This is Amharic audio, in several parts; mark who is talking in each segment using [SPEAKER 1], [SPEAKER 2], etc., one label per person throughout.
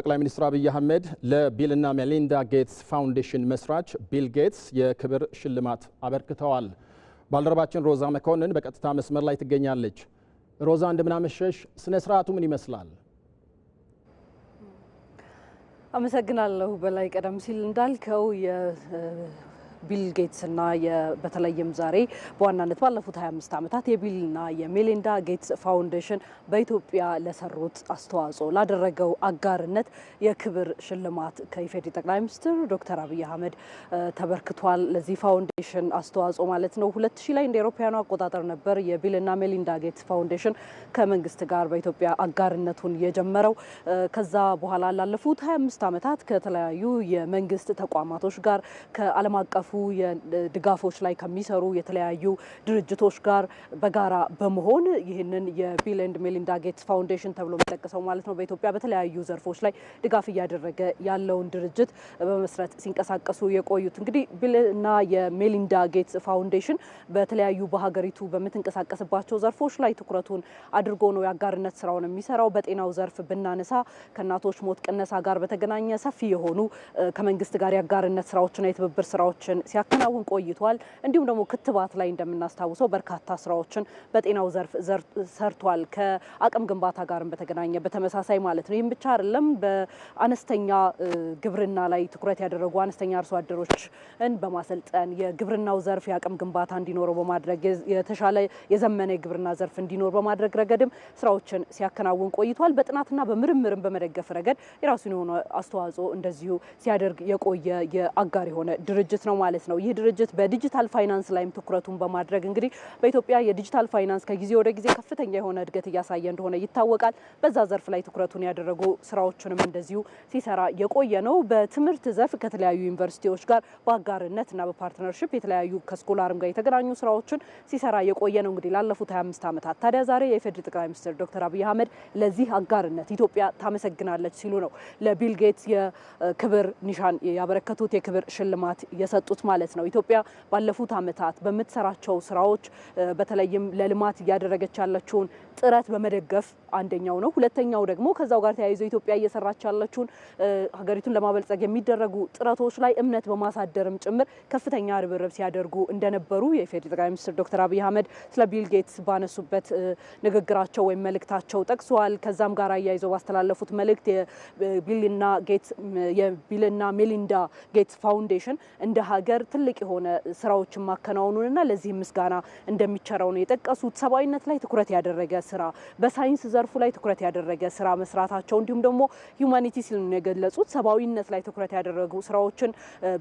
[SPEAKER 1] ጠቅላይ ሚኒስትር አብይ አህመድ ለቢልና ሜሊንዳ ጌትስ ፋውንዴሽን መስራች ቢል ጌትስ የክብር ሽልማት አበርክተዋል። ባልደረባችን ሮዛ መኮንን በቀጥታ መስመር ላይ ትገኛለች። ሮዛ እንደምናመሸሽ፣ ስነ ስርዓቱ ምን ይመስላል?
[SPEAKER 2] አመሰግናለሁ በላይ። ቀደም ሲል እንዳልከው ቢል ጌትስና በተለይም ዛሬ በዋናነት ባለፉት 25 ዓመታት የቢልና የሜሊንዳ ጌትስ ፋውንዴሽን በኢትዮጵያ ለሰሩት አስተዋጽኦ ላደረገው አጋርነት የክብር ሽልማት ከኢፌዴሪ ጠቅላይ ሚኒስትር ዶክተር አብይ አህመድ ተበርክቷል። ለዚህ ፋውንዴሽን አስተዋጽኦ ማለት ነው። ሁለት ሺህ ላይ እንደ ኤሮፓውያኑ አቆጣጠር ነበር የቢልና ሜሊንዳ ጌትስ ፋውንዴሽን ከመንግስት ጋር በኢትዮጵያ አጋርነቱን የጀመረው። ከዛ በኋላ ላለፉት 25 ዓመታት ከተለያዩ የመንግስት ተቋማቶች ጋር ከዓለም አቀፉ ድጋፎች ላይ ከሚሰሩ የተለያዩ ድርጅቶች ጋር በጋራ በመሆን ይህንን የቢል ኤንድ ሜሊንዳ ጌትስ ፋውንዴሽን ተብሎ የሚጠቀሰው ማለት ነው በኢትዮጵያ በተለያዩ ዘርፎች ላይ ድጋፍ እያደረገ ያለውን ድርጅት በመስረት ሲንቀሳቀሱ የቆዩት እንግዲህ ቢልና የሜሊንዳ ጌትስ ፋውንዴሽን በተለያዩ በሀገሪቱ በምትንቀሳቀስባቸው ዘርፎች ላይ ትኩረቱን አድርጎ ነው የአጋርነት ስራውን የሚሰራው። በጤናው ዘርፍ ብናነሳ ከእናቶች ሞት ቅነሳ ጋር በተገናኘ ሰፊ የሆኑ ከመንግስት ጋር የአጋርነት ስራዎችና የትብብር ስራዎችን ሲያከናውን ቆይቷል። እንዲሁም ደግሞ ክትባት ላይ እንደምናስታውሰው በርካታ ስራዎችን በጤናው ዘርፍ ሰርቷል። ከአቅም ግንባታ ጋርም በተገናኘ በተመሳሳይ ማለት ነው። ይህም ብቻ አይደለም። በአነስተኛ ግብርና ላይ ትኩረት ያደረጉ አነስተኛ አርሶ አደሮችን በማሰልጠን የግብርናው ዘርፍ የአቅም ግንባታ እንዲኖረው በማድረግ የተሻለ የዘመነ የግብርና ዘርፍ እንዲኖር በማድረግ ረገድም ስራዎችን ሲያከናውን ቆይቷል። በጥናትና በምርምርም በመደገፍ ረገድ የራሱን የሆነ አስተዋጽኦ እንደዚሁ ሲያደርግ የቆየ የአጋር የሆነ ድርጅት ነው ማለት ማለት ነው። ይህ ድርጅት በዲጂታል ፋይናንስ ላይም ትኩረቱን በማድረግ እንግዲህ በኢትዮጵያ የዲጂታል ፋይናንስ ከጊዜ ወደ ጊዜ ከፍተኛ የሆነ እድገት እያሳየ እንደሆነ ይታወቃል። በዛ ዘርፍ ላይ ትኩረቱን ያደረጉ ስራዎችንም እንደዚሁ ሲሰራ የቆየ ነው። በትምህርት ዘርፍ ከተለያዩ ዩኒቨርሲቲዎች ጋር በአጋርነት እና በፓርትነርሽፕ የተለያዩ ከስኮላርም ጋር የተገናኙ ስራዎችን ሲሰራ የቆየ ነው እንግዲህ ላለፉት 25 ዓመታት። ታዲያ ዛሬ የኢፌዴሪ ጠቅላይ ሚኒስትር ዶክተር አብይ አህመድ ለዚህ አጋርነት ኢትዮጵያ ታመሰግናለች ሲሉ ነው ለቢል ጌትስ የክብር ኒሻን ያበረከቱት የክብር ሽልማት የሰጡት። የመጡት ማለት ነው። ኢትዮጵያ ባለፉት ዓመታት በምትሰራቸው ስራዎች በተለይም ለልማት እያደረገች ያለችውን ጥረት በመደገፍ አንደኛው ነው። ሁለተኛው ደግሞ ከዛው ጋር ተያይዞ ኢትዮጵያ እየሰራች ያለችውን ሀገሪቱን ለማበልጸግ የሚደረጉ ጥረቶች ላይ እምነት በማሳደርም ጭምር ከፍተኛ ርብርብ ሲያደርጉ እንደነበሩ የኢፌዴሪ ጠቅላይ ሚኒስትር ዶክተር አብይ አህመድ ስለ ቢል ጌትስ ባነሱበት ንግግራቸው ወይም መልእክታቸው ጠቅሰዋል። ከዛም ጋር አያይዘው ባስተላለፉት መልእክት የቢልና ሜሊንዳ ጌትስ ፋውንዴሽን እንደ ሀገር ትልቅ የሆነ ስራዎችን ማከናወኑንና ለዚህም ምስጋና እንደሚቸረው ነው የጠቀሱት። ሰብአዊነት ላይ ትኩረት ያደረገ ስራ፣ በሳይንስ ዘርፉ ላይ ትኩረት ያደረገ ስራ መስራታቸው እንዲሁም ደግሞ ሁማኒቲ ሲል ነው የገለጹት። ሰብአዊነት ላይ ትኩረት ያደረጉ ስራዎችን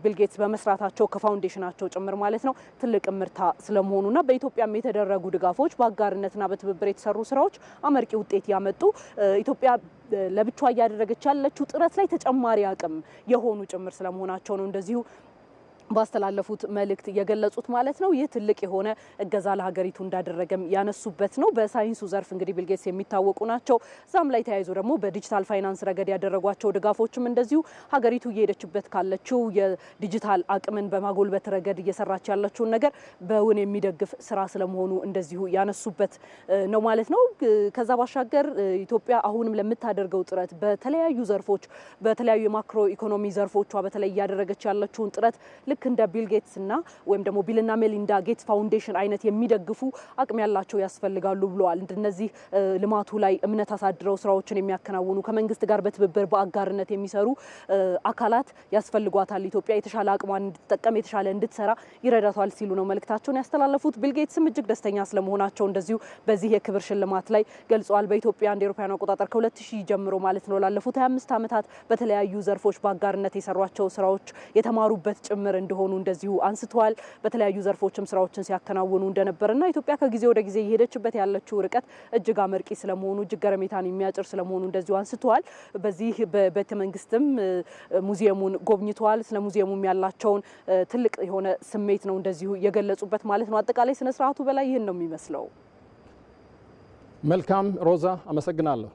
[SPEAKER 2] ቢልጌትስ በመስራታቸው ከፋውንዴሽናቸው ጭምር ማለት ነው ትልቅ እምርታ ስለመሆኑና በኢትዮጵያም የተደረጉ ድጋፎች በአጋርነትና በትብብር የተሰሩ ስራዎች አመርቂ ውጤት ያመጡ ኢትዮጵያ ለብቻዋ እያደረገች ያለችው ጥረት ላይ ተጨማሪ አቅም የሆኑ ጭምር ስለመሆናቸው ነው እንደዚሁ ባስተላለፉት መልእክት የገለጹት ማለት ነው። ይህ ትልቅ የሆነ እገዛ ለሀገሪቱ እንዳደረገም ያነሱበት ነው። በሳይንሱ ዘርፍ እንግዲህ ቢልጌትስ የሚታወቁ ናቸው። እዛም ላይ ተያይዞ ደግሞ በዲጂታል ፋይናንስ ረገድ ያደረጓቸው ድጋፎችም እንደዚሁ ሀገሪቱ እየሄደችበት ካለችው የዲጂታል አቅምን በማጎልበት ረገድ እየሰራች ያለችውን ነገር በውን የሚደግፍ ስራ ስለመሆኑ እንደዚሁ ያነሱበት ነው ማለት ነው። ከዛ ባሻገር ኢትዮጵያ አሁንም ለምታደርገው ጥረት በተለያዩ ዘርፎች በተለያዩ የማክሮ ኢኮኖሚ ዘርፎቿ በተለይ እያደረገች ያለችውን ጥረት ልክ እንደ ቢል ጌትስ እና ወይም ደግሞ ቢልና ሜሊንዳ ጌትስ ፋውንዴሽን አይነት የሚደግፉ አቅም ያላቸው ያስፈልጋሉ ብለዋል። እንደነዚህ ልማቱ ላይ እምነት አሳድረው ስራዎችን የሚያከናውኑ ከመንግስት ጋር በትብብር በአጋርነት የሚሰሩ አካላት ያስፈልጓታል። ኢትዮጵያ የተሻለ አቅሟን እንድትጠቀም የተሻለ እንድትሰራ ይረዳቷል ሲሉ ነው መልእክታቸውን ያስተላለፉት። ጌትስም እጅግ ደስተኛ ስለመሆናቸው እንደዚሁ በዚህ የክብር ሽልማት ላይ ገልጸዋል። በኢትዮጵያ እንደ ኤሮፓውያን አቆጣጠር ከ2000 ጀምሮ ማለት ነው ላለፉት 25 ዓመታት በተለያዩ ዘርፎች በአጋርነት የሰሯቸው ስራዎች የተማሩበት ጭምር እንደሆኑ እንደዚሁ አንስተዋል። በተለያዩ ዘርፎችም ስራዎችን ሲያከናውኑ እንደነበርና ኢትዮጵያ ከጊዜ ወደ ጊዜ እየሄደችበት ያለችው ርቀት እጅግ አመርቂ ስለመሆኑ እጅግ ገረሜታን የሚያጭር ስለመሆኑ እንደዚሁ አንስተዋል። በዚህ በቤተ መንግስትም ሙዚየሙን ጎብኝተዋል። ስለ ሙዚየሙም ያላቸውን ትልቅ የሆነ ስሜት ነው እንደዚሁ የገለጹበት ማለት ነው። አጠቃላይ ስነስርዓቱ በላይ ይህን ነው የሚመስለው።
[SPEAKER 1] መልካም ሮዛ፣ አመሰግናለሁ።